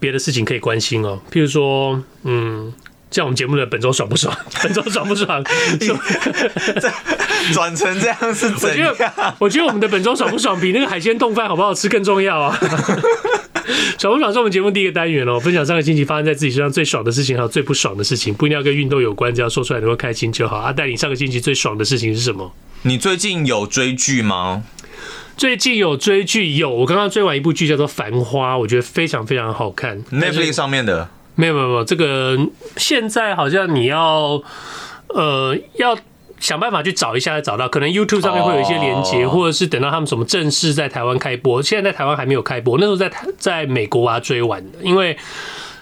別的事情可以關心哦，譬如說，嗯，像我們節目的本周爽不爽？本周爽不爽？轉 成這樣是怎樣？我覺得，我覺得我們的本周爽不爽比那個海鮮丼飯好不好吃更重要啊！ 爽不爽是我們節目第一個單元哦，分享上個星期發生在自己身上最爽的事情還有最不爽的事情，不一定要跟運動有關，只要說出來能夠開心就好。阿、啊、戴你上個星期最爽的事情是什麼？你最近有追劇嗎？最近有追劇，有，我剛剛追完一部劇，叫做《繁花》，我覺得非常非常好看。Netflix 上面的？沒有沒有沒有，這個現在好像你要呃，要想辦法去找一下才找到，可能 YouTube 上面會有一些連結，oh. 或者是等到他們什麼正式在台灣開播。現在在台灣還沒有開播，那時候在台、在美國把它追完的，因為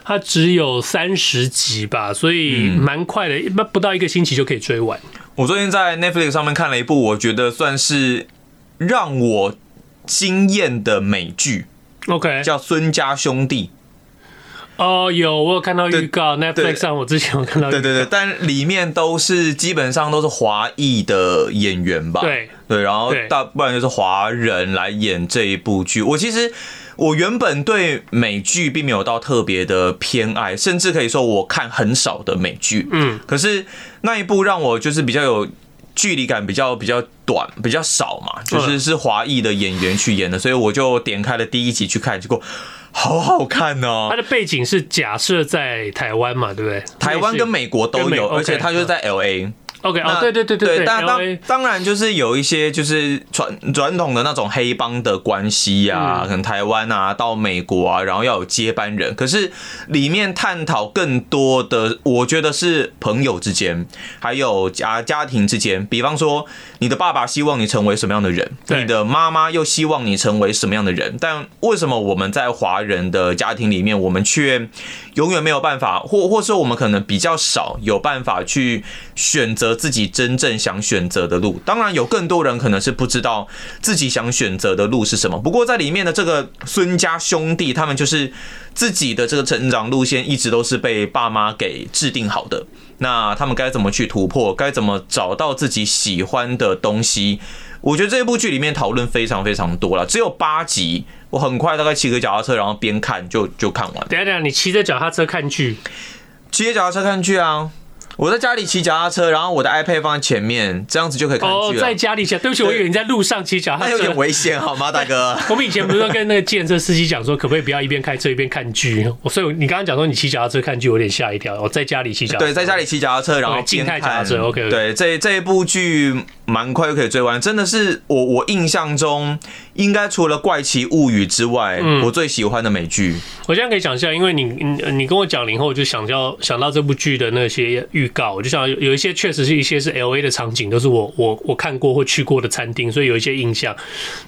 它只有三十集吧，所以蠻快的，不、不到一個星期就可以追完。我最近在 Netflix 上面看了一部，我覺得算是。讓我驚艷的美劇，OK，叫《孫家兄弟》。哦，有，我有看到預告，Netflix 上我之前有看到，對對對，但裡面都是基本上都是華裔的演員吧？對對，然後大不然就是華人來演這一部劇。我其實我原本對美劇並沒有到特別的偏愛，甚至可以說我看很少的美劇。嗯，可是那一部讓我就是比較有。距離感比較比較短，比較少嘛，就是是華裔的演員去演的，所以我就點開了第一集去看，結果好好看哦。它的背景是假設在台灣嘛，對不對？台灣跟美國都有，而且它就是在 LA。OK，啊、oh，對，對對對對，但當當然就是有一些就是傳傳統的那種黑幫的關係呀、啊嗯，可能台灣啊到美國啊，然後要有接班人。可是裡面探討更多的，我覺得是朋友之間，還有家家庭之間。比方說，你的爸爸希望你成為什麼樣的人，嗯、你的媽媽又希望你成為什麼樣的人。但為什麼我們在華人的家庭裡面，我們卻永遠沒有辦法，或或是我們可能比較少有辦法去選擇。自己真正想選擇的路，當然有更多人可能是不知道自己想選擇的路是什麼。不過在裡面的這個孫家兄弟，他們就是自己的這個成長路線一直都是被爸媽給制定好的。那他們該怎麼去突破？該怎麼找到自己喜歡的東西？我覺得這部劇裡面討論非常非常多了。只有八集，我很快大概騎個腳踏車，然後邊看就就看完。等下等下，你騎着腳踏車看劇？騎着腳踏車看劇啊。我在家裡騎腳踏車，然後我的 iPad 放在前面，這樣子就可以看劇了。哦，在家裡騎，對不起，我以為你在路上騎腳踏車，它有點危險，好嗎，大哥？ 我們以前不是跟那個計程車司機講說，可不可以不要一邊開車一邊看劇？所以你剛剛講說你騎腳踏車看劇，我有點嚇一跳。我、哦、在家裡騎腳踏車，對，在家裡騎腳踏車，然後靜態腳踏車，OK。對，這、okay, okay. 這一部劇蠻快就可以追完，真的是我我印象中應該除了《怪奇物語》之外、嗯，我最喜歡的美劇。我現在可以想象，因為你你跟我講了以後，我就想到想到這部劇的那些遇。告，就像有一些確實是一些是 LA 的場景，都是我我我看過或去過的餐廳，所以有一些印象。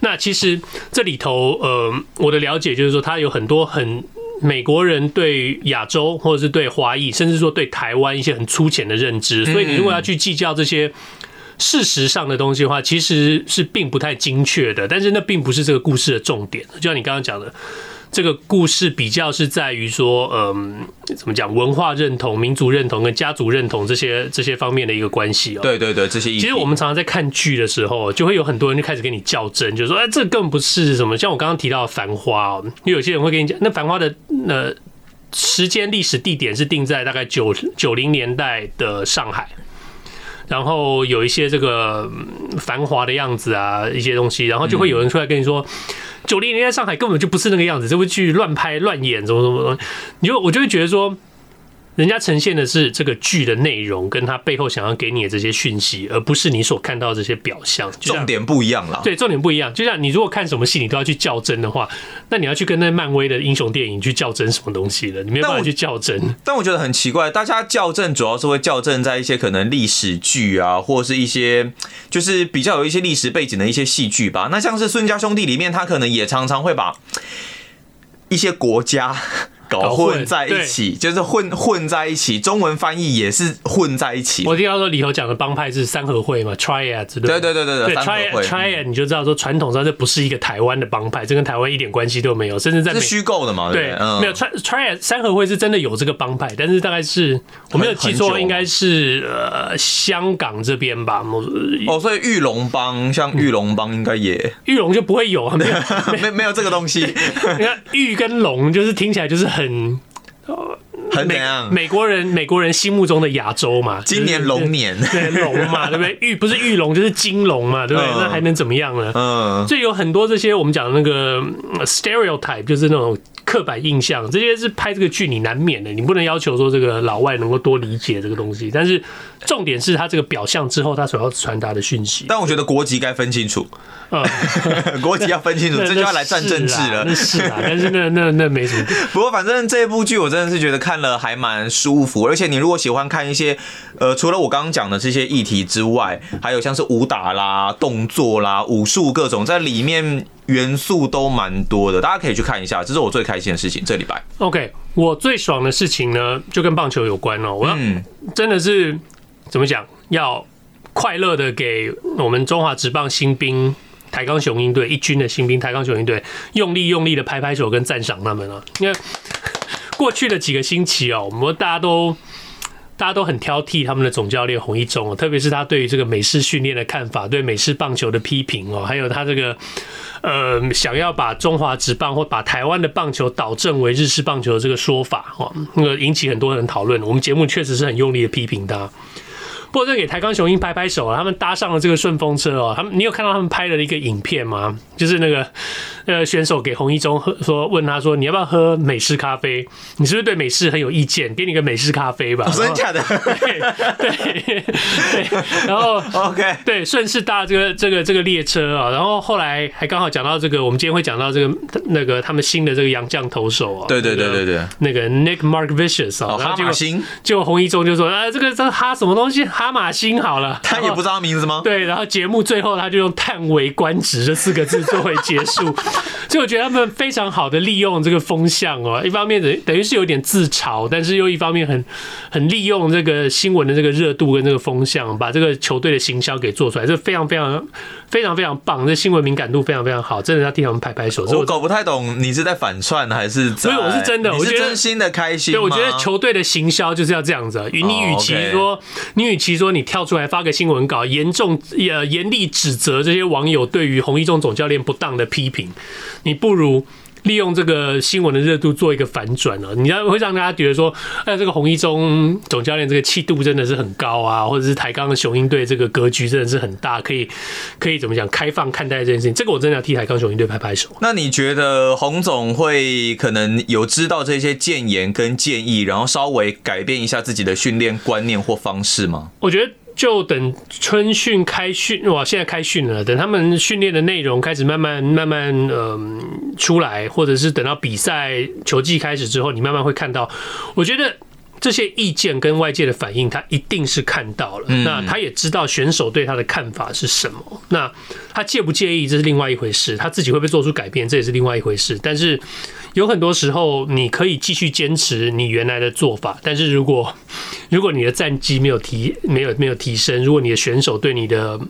那其實這裡頭，呃，我的了解就是說，它有很多很美國人對亞洲或者是對華裔，甚至說對台灣一些很粗淺的認知，所以你如果要去計較這些事實上的東西的話，其實是並不太精確的。但是那並不是這個故事的重點，就像你剛剛講的。這個故事比較是在於說，嗯，怎麼講？文化認同、民族認同跟家族認同這些這些方面的一個關係哦。對對對，這些。其實我們常常在看劇的時候，就會有很多人就開始跟你較真，就說：“哎，這更不是什麼。”像我剛剛提到的《繁花》喔，因為有些人會跟你講，那《繁花》的，呃，那時間、歷史、地點是定在大概九九零年代的上海。然後有一些這個繁華的樣子啊，一些東西，然後就會有人出來跟你說，九零年代上海根本就不是那個樣子，這部劇亂拍亂演，怎麼怎麼怎麼，你就我就會覺得說。人家呈現的是這個劇的內容，跟他背後想要給你的這些訊息，而不是你所看到的這些表象。重點不一樣啦。對，重點不一樣。就像你如果看什麼戲，你都要去較真的話，那你要去跟那漫威的英雄電影去較真什麼東西了？你沒有辦法去較真。但我覺得很奇怪，大家較真主要是會較真在一些可能歷史劇啊，或者是一些就是比較有一些歷史背景的一些戲劇吧。那像是《孫家兄弟》裡面，他可能也常常會把一些國家。搞混在一起，就是混混在一起。中文翻譯也是混在一起。我聽到說裡頭講的幫派是三合會嘛，Triad 之類。對對對對對，Triad Triad，你就知道說傳統上這不是一個台灣的幫派，這跟台灣一點關係都沒有，甚至在是虛構的嘛。對，對嗯、沒有 Triad 三合會是真的有這個幫派，但是大概是我沒有記錯，應該是呃香港這邊吧。哦，所以玉龍幫像玉龍幫應該也玉龍、嗯、就不會有、啊，沒有 沒有，沒有這個東西。 你看玉跟龍就是聽起來就是很。很，很怎樣？美,美國人美國人心目中的亞洲嘛，就是、今年龍年， 對龍嘛，對不對？玉不是玉龍，就是金龍嘛，對不對、嗯？那還能怎麼樣呢？嗯，所以有很多這些我們講的那個 stereotype，就是那種。刻板印象，這些是拍這個劇你難免的，你不能要求說這個老外能夠多理解這個東西。但是重點是他這個表象之後，他所要傳達的訊息。但我覺得國籍該分清楚，嗯、 國籍要分清楚， 這就要來戰政治了，是啊。但是那那那沒什麼。 不過反正這部劇我真的是覺得看了還蠻舒服，而且你如果喜歡看一些，呃，除了我剛剛講的這些議題之外，還有像是武打啦、動作啦、武術各種在裡面。元素都蠻多的，大家可以去看一下。這是我最開心的事情，這禮拜。OK，我最爽的事情呢，就跟棒球有關哦、喔。我要、嗯、真的是怎麼講，要快樂的給我們中華職棒新兵台鋼雄鷹隊一軍的新兵台鋼雄鷹隊用力用力的拍拍手跟讚賞他們啊！因為過去的幾個星期哦、喔，我們大家都。大家都很挑剔他們的總教練洪一中哦，特別是他對於這個美式訓練的看法，對美式棒球的批評哦，還有他這個呃想要把中華職棒或把台灣的棒球導正為日式棒球的這個說法哦，那個引起很多人討論。我們節目確實是很用力的批評他。不過這給台鋼雄鷹拍拍手啊，他們搭上了這個順風車哦、喔。他們，你有看到他們拍了一個影片嗎？就是那個呃、那個、選手給洪一中喝，說問他說，你要不要喝美式咖啡？你是不是對美式很有意見？給你個美式咖啡吧。真的假的？對對，對。對。然後 OK，對，順勢搭這個這個這個列車啊、喔。然後後來還剛好講到這個，我們今天會講到這個那個他們新的這個洋將投手啊、喔。對對對對對、那個。那個 Nick Mark vicious 啊、喔，然後就就、哦、洪一中就說啊，這、呃、個這個他什麼東西？哈馬星好了，他也不知道他名字嗎？對，然後節目最後他就用“嘆為觀止”這四個字作為結束， 所以我覺得他們非常好的利用這個風向哦、喔，一方面等等於是有點自嘲，但是又一方面很很利用這個新聞的這個熱度跟這個風向，把這個球隊的行銷給做出來，這非常非常非常非常棒，這新聞敏感度非常非常好，真的要替他們拍拍手。哦、我搞不太懂你是在反串還是？所以我是真的，我是真心的開心。對，我覺得球隊的行銷就是要這樣子。與你與其說、哦 okay. 你與其。比如說，你跳出來發個新聞稿，嚴重、呃、嚴厲指責這些網友對於洪一中總教練不當的批評，你不如，利用這個新聞的熱度做一個反轉哦，你要會讓大家覺得說，哎，這個洪一中總教練這個氣度真的是很高啊，或者是台鋼雄鷹隊這個格局真的是很大，可以可以怎麼講，開放看待這件事情。這個我真的要替台鋼雄鷹隊拍拍手。那你覺得洪總會可能有知道這些建言跟建議，然後稍微改變一下自己的訓練觀念或方式嗎？我覺得。就等春訓開訓，哇！現在開訓了，等他們訓練的內容開始慢慢慢慢嗯、呃、出來，或者是等到比賽球季開始之後，你慢慢會看到。我覺得。這些意見跟外界的反應，他一定是看到了。那他也知道選手對他的看法是什麼。那他介不介意，這是另外一回事。他自己會不會做出改變，這也是另外一回事。但是有很多時候，你可以繼續堅持你原來的做法。但是如果如果你的戰績沒有提、沒有、沒有提升，如果你的選手對你的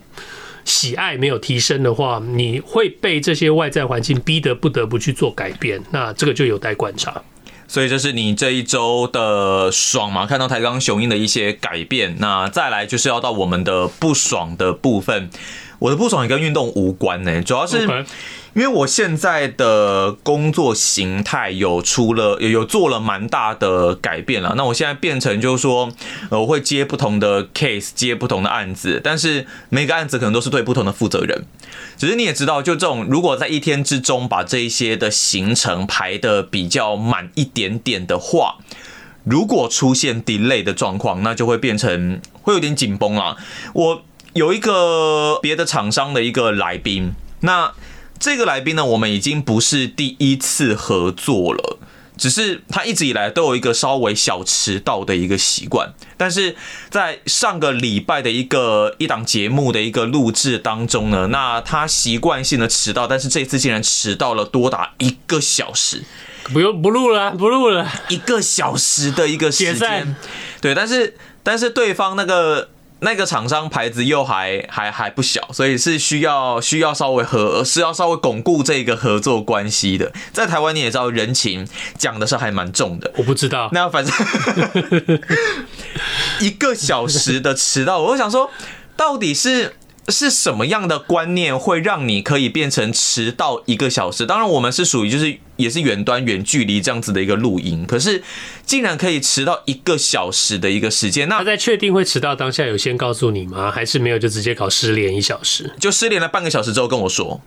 喜愛沒有提升的話，你會被這些外在環境逼得不得不去做改變。那這個就有待觀察。所以這是你這一周的爽嘛？看到台鋼雄鷹的一些改變，那再來就是要到我們的不爽的部分。我的不爽也跟運動無關呢、欸，主要是。因為我現在的工作形態有出了，有做了蠻大的改變了。那我現在變成就是說，呃，我會接不同的 case，接不同的案子，但是每個案子可能都是對不同的負責人。只是你也知道，就這種如果在一天之中把這一些的行程排得比較滿一點點的話，如果出現 delay 的狀況，那就會變成會有點緊繃啊。我有一個別的廠商的一個來賓，那。這個來賓呢，我們已經不是第一次合作了，只是他一直以來都有一個稍微小遲到的一個習慣，但是在上個禮拜的一個一檔節目的一個錄製當中呢，那他習慣性的遲到，但是這次竟然遲到了多達一個小時，不用，不錄了，不錄了，一個小時的一個時間，對，但是但是對方那個。那個廠商牌子又還還還不小，所以是需要需要稍微合是要稍微鞏固這個合作關係的。在台灣你也知道，人情講的是還蠻重的。我不知道，那反正 一個小時的遲到我，我想說，到底是。是什麼樣的觀念會讓你可以變成遲到一個小時？當然，我們是屬於就是也是遠端遠距離這樣子的一個錄音，可是竟然可以遲到一個小時的一個時間，那他在確定會遲到當下有先告訴你嗎？還是沒有就直接搞失聯一小時？就失聯了半個小時之後跟我說。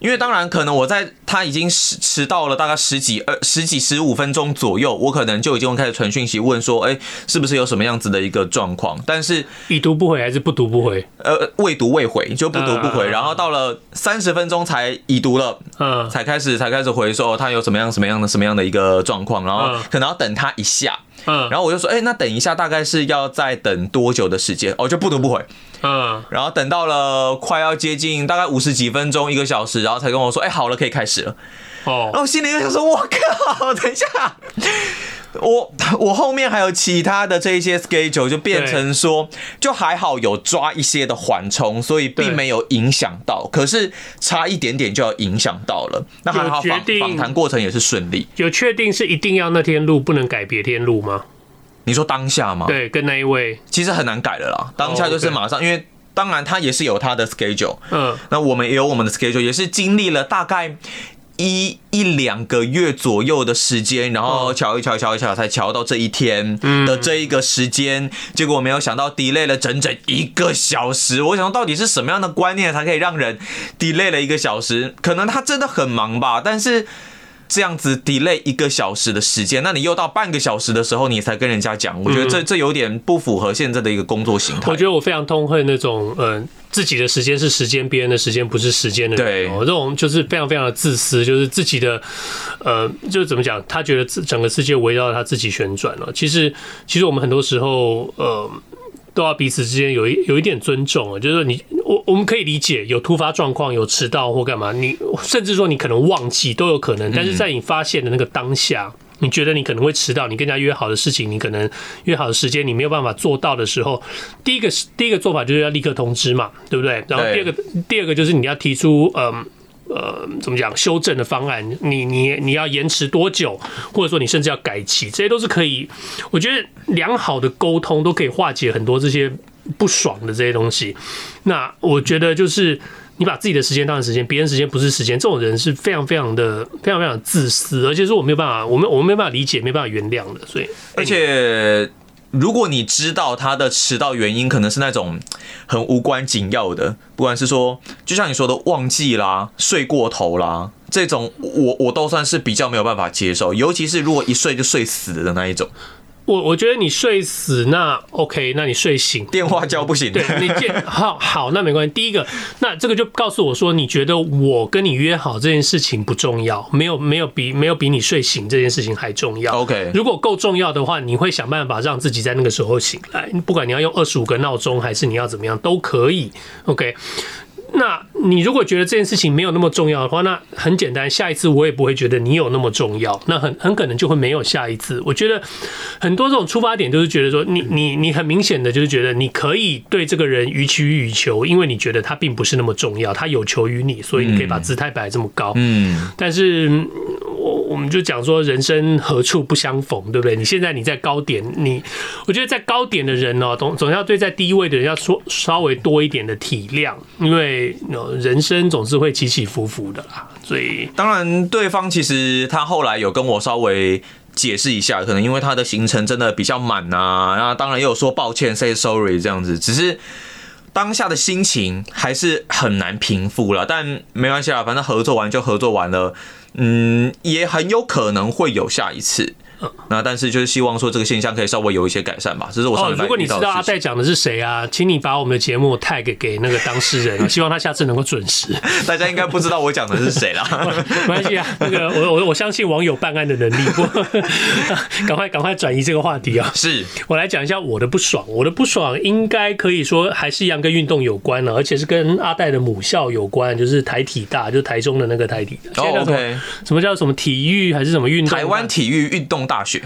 因為當然可能我在他已經遲遲到了大概十幾十幾十五分鐘左右，我可能就已經開始傳訊息問說，哎，是不是有什麼樣子的一個狀況？但是已讀不回還是不讀不回？呃，未讀未回就不讀不回，然後到了三十分鐘才已讀了，嗯，才開始才開始回說他有什麼樣什麼樣的什麼樣的一個狀況，然後可能要等他一下。嗯， 然後我就說，哎、欸，那等一下，大概是要再等多久的時間？哦，就不讀不回。嗯， 然後等到了快要接近大概五十幾分鐘，一個小時，然後才跟我說，哎、欸，好了，可以開始了。哦， 然後心裡又想說，我靠，等一下。 我我後面還有其他的這些 schedule，就變成說，就還好有抓一些的緩衝，所以並沒有影響到。可是差一點點就要影響到了。那還好，訪訪談過程也是順利。有確定是一定要那天錄，不能改別天錄嗎？你說當下嗎？對，跟那一位其實很難改的啦。當下就是馬上，因為當然他也是有他的 schedule，嗯，那我們也有我們的 schedule，也是經歷了大概，一一兩個月左右的時間，然後喬一喬喬一喬，才喬到這一天的這一個時間，結果我沒有想到 delay 了整整一個小時。我想到底是什麼樣的觀念才可以讓人 delay 了一個小時？可能他真的很忙吧，但是。這樣子 delay 一個小時的時間，那你又到半個小時的時候，你才跟人家講，我覺得這這有點不符合現在的一個工作形態、嗯。我覺得我非常痛恨那種，嗯、呃，自己的時間是時間，別人的時間不是時間的人，對，這種就是非常非常的自私，就是自己的，呃，就怎麼講，他覺得自整個世界圍繞他自己旋轉了。其實，其實我們很多時候，呃。都要彼此之間有一有一點尊重，就是說你我，我們可以理解有突發狀況，有遲到或幹嘛，你甚至說你可能忘記都有可能。但是在你發現的那個當下，你覺得你可能會遲到，你跟人家約好的事情，你可能約好的時間，你沒有辦法做到的時候，第一個是第一個做法就是要立刻通知嘛，對不對？然後第二個第二個就是你要提出嗯、呃。呃，怎麼講修正的方案？你你你要延遲多久，或者說你甚至要改期，這些都是可以。我覺得良好的溝通都可以化解很多這些不爽的這些東西。那我覺得就是你把自己的時間當成時間，別人時間不是時間，這種人是非常非常的非常非常自私，而且是我沒有辦法，我沒我們沒辦法理解，沒辦法原諒的。所以，而且。如果你知道他的遲到原因，可能是那種很無關緊要的，不管是說，就像你說的，忘記啦、睡過頭啦，這種我我都算是比較沒有辦法接受，尤其是如果一睡就睡死的那一種。我我覺得你睡死那 OK，那你睡醒電話叫不行。對，你見好，好那沒關係。第一個，那這個就告訴我說，你覺得我跟你約好這件事情不重要，沒有沒有比沒有比你睡醒這件事情還重要。OK，如果夠重要的話，你會想辦法讓自己在那個時候醒來，不管你要用二十五個鬧鐘還是你要怎麼樣都可以。OK。那你如果覺得這件事情沒有那麼重要的話，那很簡單，下一次我也不會覺得你有那麼重要，那很很可能就會沒有下一次。我覺得很多這種出發點就是覺得說你，你你你很明顯的就是覺得你可以對這個人予取予求，因為你覺得他並不是那麼重要，他有求於你，所以你可以把姿態擺這麼高。嗯，嗯，但是我。我們就講說人生何處不相逢，對不對？你現在你在高點，你我覺得在高點的人呢，總總要對在低位的人要說稍微多一點的體諒，因為人生總是會起起伏伏的啦。所以當然對方其實他後來有跟我稍微解釋一下，可能因為他的行程真的比較滿啊，那當然也有說抱歉，say sorry 這樣子。只是當下的心情還是很難平復了，但沒關係啊，反正合作完就合作完了。嗯，也很有可能會有下一次。嗯、那但是就是希望說這個現象可以稍微有一些改善吧。這是我上。哦，如果你知道阿戴講的是誰啊，請你把我們的節目 tag 給那個當事人，希望他下次能夠準時。 大家應該不知道我講的是誰啦， 沒關係啊。那、這個我我我相信網友辦案的能力。趕 快趕快轉移這個話題啊！是我來講一下我的不爽，我的不爽應該可以說還是一樣跟運動有關了、啊，而且是跟阿戴的母校有關，就是台體大，就是台中的那個台體。什 oh, OK，什麼叫什麼體育還是什麼運動、啊？台灣體育運動大學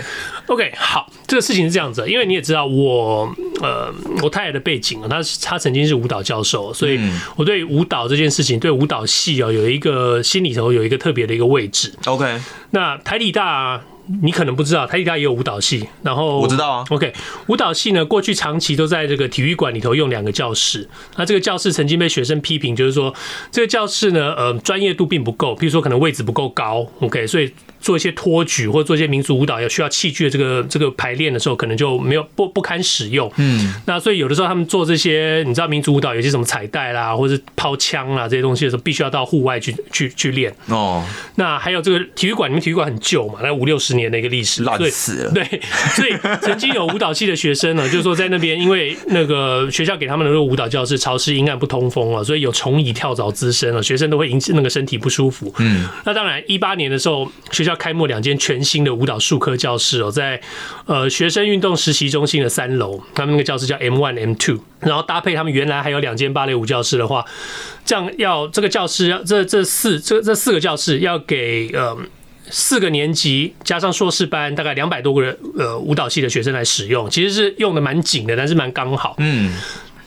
，OK，好，這個事情是這樣子，因為你也知道我，呃，我太太的背景啊，她她曾經是舞蹈教授，所以我對舞蹈這件事情，對舞蹈系啊，有一個心裡頭有一個特別的一個位置，OK。那台理大你可能不知道，台理大也有舞蹈系，然後我知道啊，OK，舞蹈系呢過去長期都在這個體育館裡頭用兩個教室，那這個教室曾經被學生批評，就是說這個教室呢，呃，專業度並不夠，比如說可能位置不夠高，OK，所以。做一些托舉或者做一些民族舞蹈有需要器具的這個這個排練的時候，可能就沒有不不堪使用。嗯，那所以有的時候他們做這些，你知道民族舞蹈有些什麼彩帶啦，或者是拋槍啦，這些東西的時候，必須要到戶外去去去練哦。那還有這個體育館，你們體育館很舊嘛，那五六十年的一個歷史，爛死了。對，對，所以曾經有舞蹈系的學生呢，就是說在那邊，因為那個學校給他們的那個舞蹈教室潮濕陰暗不通風啊，所以有蟲蟻跳蚤滋生了，學生都會引起那個身體不舒服。嗯，那當然一八年的時候學校。開幕兩間全新的舞蹈術科教室哦、喔，在呃學生運動實習中心的三樓，他們那個教室叫 M one M two，然後搭配他們原來還有兩間芭蕾舞教室的話，這樣要這個教室要這這四這這四個教室要給呃四個年級加上碩士班大概兩百多個人呃舞蹈系的學生來使用，其實是用的蠻緊的，但是蠻剛好，嗯，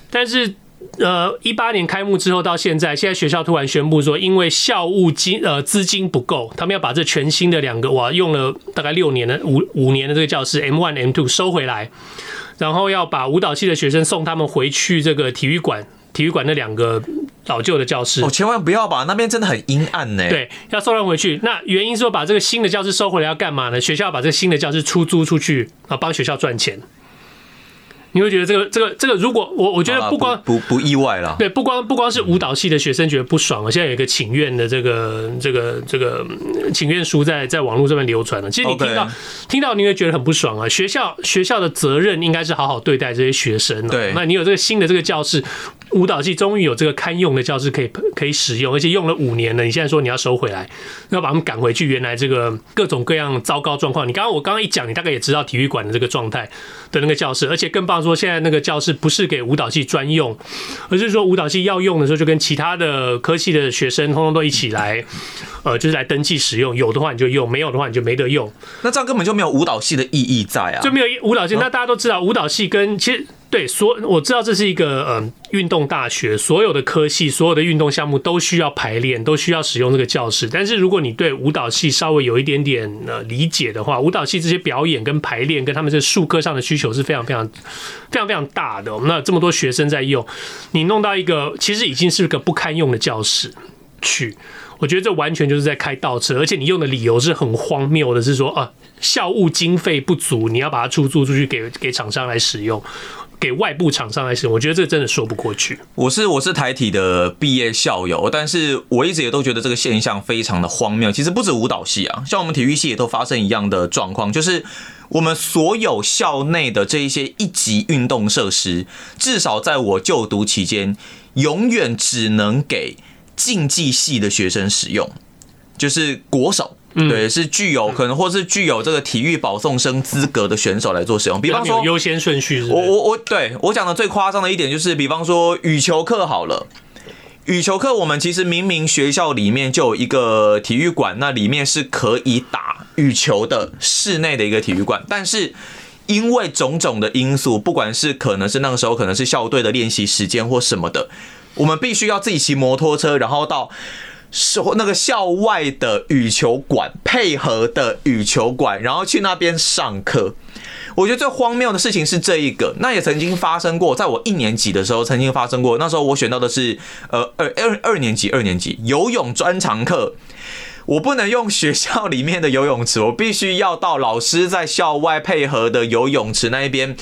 但是。呃，一八年開幕之後到現在，現在學校突然宣布說，因為校務金呃資金不夠，他們要把這全新的兩個哇用了大概六年的五五年的這個教室 M1 M2 收回來，然後要把舞蹈系的學生送他們回去這個體育館體育館那兩個老舊的教室。哦，千萬不要吧，那邊真的很陰暗呢、欸。對，要送他們回去。那原因說把這個新的教室收回來要幹嘛呢？學校要把這個新的教室出租出去啊，幫學校賺錢。你會覺得這個、這個、這個？如果我我覺得不光不不意外了，對，不光不光是舞蹈系的學生覺得不爽了。現在有一個請願的這個、這個、這個請願書在在網絡上面流傳了。其實你聽到聽到，你會覺得很不爽啊！學校學校的責任應該是好好對待這些學生啊。對，那你有這個新的這個教室，舞蹈系終於有這個堪用的教室可以可以使用，而且用了五年了。你現在說你要收回來，要把他們趕回去，原來這個各種各樣糟糕狀況。你剛剛我剛剛一講，你大概也知道體育館的這個狀態的那個教室，而且更棒。說現在那個教室不是給舞蹈系專用，而是說舞蹈系要用的時候就跟其他的科系的學生通通都一起來，呃，就是來登記使用。有的話你就用，沒有的話你就沒得用。那這樣根本就沒有舞蹈系的意義在啊，就沒有舞蹈系。嗯，那大家都知道舞蹈系跟其實。對，所我知道這是一個嗯、呃，運動大學所有的科系、所有的運動項目都需要排練，都需要使用這個教室。但是如果你對舞蹈系稍微有一點點呃理解的話，舞蹈系這些表演跟排練跟他們這術科上的需求是非常非常非常非常大的，哦。我們那有這麼多學生在用，你弄到一個其實已經是個不堪用的教室去，我覺得這完全就是在開倒車。而且你用的理由是很荒謬的，是說啊、呃，校務經費不足，你要把它出租出去給給廠商來使用。給外部廠商來使用，我覺得這真的說不過去。我是我是台體的畢業校友，但是我一直也都覺得這個現象非常的荒謬。其實不止舞蹈系啊，像我們體育系也都發生一樣的狀況，就是我們所有校內的這一些一級運動設施，至少在我就讀期間，永遠只能給競技系的學生使用，就是國手。對，是具有可能，或是具有這個體育保送生資格的選手來做使用。比方說優先順序，我我我，對我講的最誇張的一點就是，比方說羽球課好了，羽球課我們其實明明學校裡面就有一個體育館，那裡面是可以打羽球的室內的一個體育館，但是因為種種的因素，不管是可能是那個時候可能是校隊的練習時間或什麼的，我們必須要自己騎摩托車，然後到。是那個校外的羽球館配合的羽球館，然後去那邊上課。我覺得最荒謬的事情是這一個，那也曾經發生過，在我一年級的時候曾經發生過。那時候我選到的是呃二二二年級二年級游泳專長課，我不能用學校裡面的游泳池，我必須要到老師在校外配合的游泳池那一邊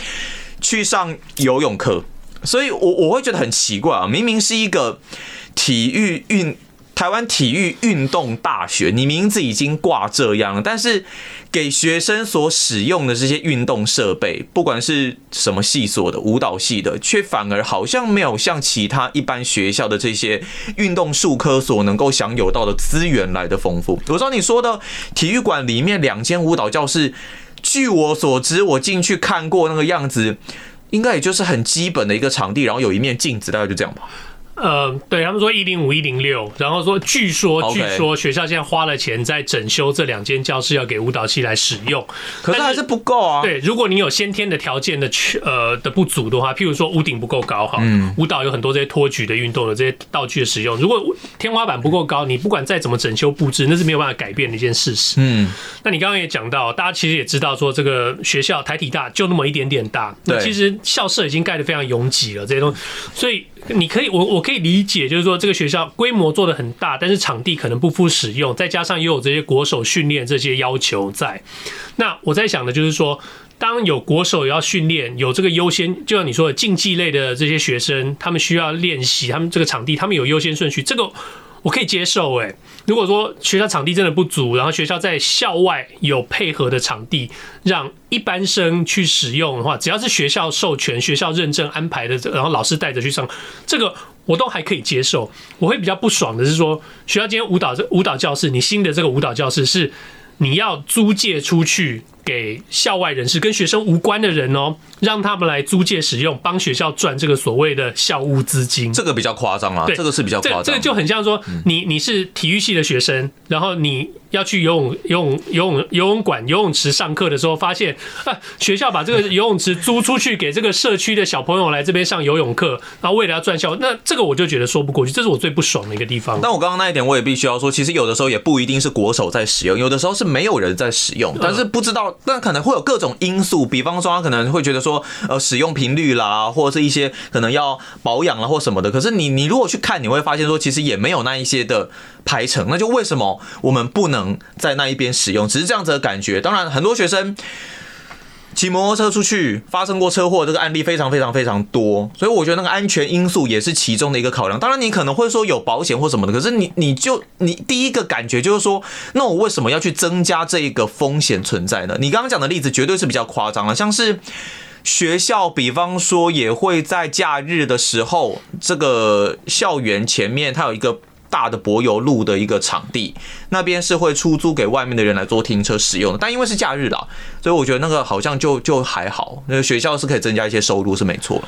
去上游泳課。所以我，我我會覺得很奇怪啊，明明是一個體育運。台灣體育運動大學，你名字已經掛這樣了，但是給學生所使用的這些運動設備，不管是什麼系所的舞蹈系的，卻反而好像沒有像其他一般學校的這些運動術科所能夠享有到的資源來的豐富。我知道你說的，體育館裡面兩間舞蹈教室，據我所知，我進去看過那個樣子，應該也就是很基本的一個場地，然後有一面鏡子，大概就這樣吧。呃，對他們說一零五一零六，然後說據說據說學校現在花了錢在整修這兩間教室，要給舞蹈系來使用，可是還是不夠啊。對，如果你有先天的條件的呃的不足的話，譬如說屋頂不夠高哈，舞蹈有很多這些托舉的運動的這些道具的使用，如果天花板不夠高，你不管再怎麼整修布置，那是沒有辦法改變的一件事實。嗯，那你剛剛也講到，大家其實也知道說這個學校台體大就那麼一點點大，那其實校舍已經蓋得非常擁擠了，這些東西，所以。你可以，我我可以理解，就是說這個學校規模做得很大，但是場地可能不敷使用，再加上又有這些國手訓練這些要求在。那我在想的就是說，當有國手也要訓練，有這個優先，就像你說的競技類的這些學生，他們需要練習，他們這個場地，他們有優先順序，這個。我可以接受，欸，哎，如果說學校場地真的不足，然後學校在校外有配合的場地，讓一般生去使用的話，只要是學校授權、學校認證安排的，然後老師帶着去上，這個我都還可以接受。我會比較不爽的是說，學校今天舞蹈這舞蹈教室，你新的這個舞蹈教室是你要租借出去。給校外人士，跟學生無關的人哦、喔，讓他們來租借使用，幫學校賺這個所謂的校務資金。這個比較誇張啊，對，這個是比較誇張。這個就很像說你，你你是體育系的學生，嗯，然後你要去游泳、游泳、游泳、游泳館、游泳池上課的時候，發現啊，學校把這個游泳池租出去給這個社區的小朋友來這邊上游泳課，然後為了要賺校， 那這個我就覺得說不過去。這是我最不爽的一個地方。但我剛剛那一點，我也必須要說，其實有的時候也不一定是國手在使用，有的時候是沒有人在使用，但是不知道。但可能會有各種因素，比方說，他可能會覺得說，呃，使用頻率啦，或者是一些可能要保養啦，或什麼的。可是你，你你如果去看，你會發現說，其實也沒有那一些的排程。那就為什麼我們不能在那一邊使用？只是這樣子的感覺。當然，很多學生。騎摩托車出去發生過車禍，這個案例非常非常非常多，所以我覺得那個安全因素也是其中的一個考量。當然，你可能會說有保險或什麼的，可是你你就你第一個感覺就是說，那我為什麼要去增加這一個風險存在呢？你剛剛講的例子絕對是比較誇張了，像是學校，比方說也會在假日的時候，這個校園前面它有一個。大的柏油路的一個場地，那邊是會出租給外面的人來做停車使用的。但因為是假日啦，所以我覺得那個好像就就還好。那個學校是可以增加一些收入，是沒錯的。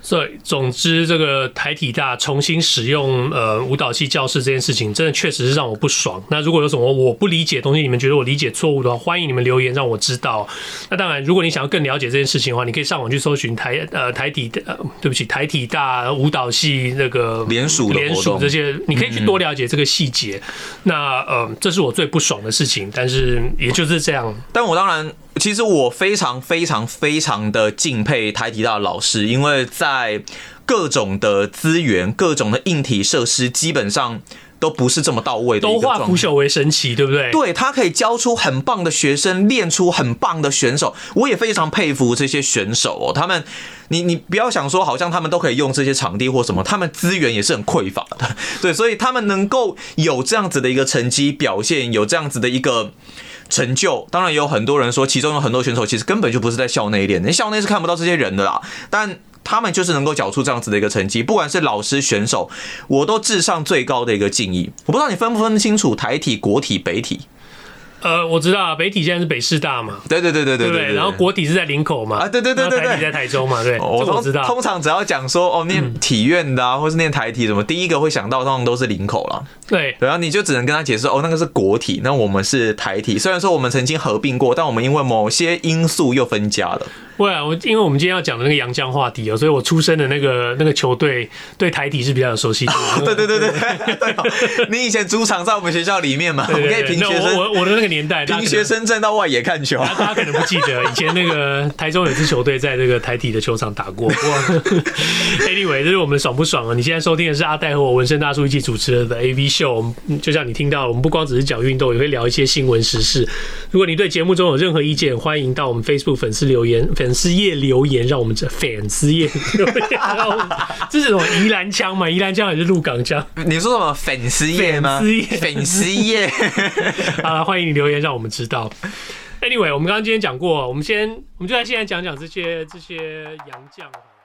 所以，總之，這個台體大重新使用呃舞蹈系教室這件事情，真的確實是讓我不爽。那如果有什麼我不理解東西，你們覺得我理解錯誤的話，歡迎你們留言讓我知道。那當然，如果你想要更了解這件事情的話，你可以上網去搜尋台呃台體呃對不起台體大舞蹈系那個聯署聯署這些，你可以去多了解這個細節、嗯嗯。那呃，這是我最不爽的事情，但是也就是這樣。但我當然，其實我非常非常非常的敬佩台體大的老師，因為在在各種的資源、各種的硬體設施，基本上都不是這麼到位的。都化腐朽為神奇，對不對？對，他可以教出很棒的學生，練出很棒的選手。我也非常佩服這些選手哦、喔。他們，你你不要想說，好像他們都可以用這些場地或什麼，他們資源也是很匱乏的。對，所以他們能夠有這樣子的一個成績表現，有這樣子的一個成就。當然，也有很多人說，其中有很多選手其實根本就不是在校內練的，校內是看不到這些人的啦。但他們就是能夠繳出這樣子的一個成績，不管是老師、選手，我都致上最高的一個敬意。我不知道你分不分得清楚台體、國體、北體。呃，我知道北體現在是北市大嘛。對對對對對,對,對,對,對,對,對,對然後國體是在林口嘛。啊，對對,對對對對對。台體在台中嘛。對，哦、我都知道。通常只要講說哦，念體院的，啊，或是念台體什麼、嗯，第一個會想到通常都是林口了。對，然後你就只能跟他解釋，哦，那個是國體，那我們是台體。雖然說我們曾經合併過，但我們因為某些因素又分家了。會啊，我因為我們今天要講的那個洋將話題哦，所以我出生的那個那個球隊對台體是比較有熟悉度、啊。對對對對對、哦， 你以前主場在我們學校裡面嘛，對對對對，我可以憑學生，我我的那個年代憑學生證到外野看球，大家可能不記得以前那個台中有支球隊在那個台體的球場打過。 Anyway，這是我們爽不爽啊？你現在收聽的是阿戴和我紋身大叔一起主持的、The、AV 秀，就像你聽到，我們不光只是講運動，也會聊一些新聞時事。如果你對節目中有任何意見，歡迎到我們 Facebook 粉絲留言。粉絲頁留言，讓我們這粉絲頁， fans 這是什麼宜蘭腔嘛？宜蘭腔，腔還是鹿港腔？你說什麼粉絲頁嗎？粉絲頁，粉絲頁，啊，歡迎你留言，讓我們知道。Anyway, 我們剛剛今天講過，我們先，我們就來現在講講這些這些洋將好了。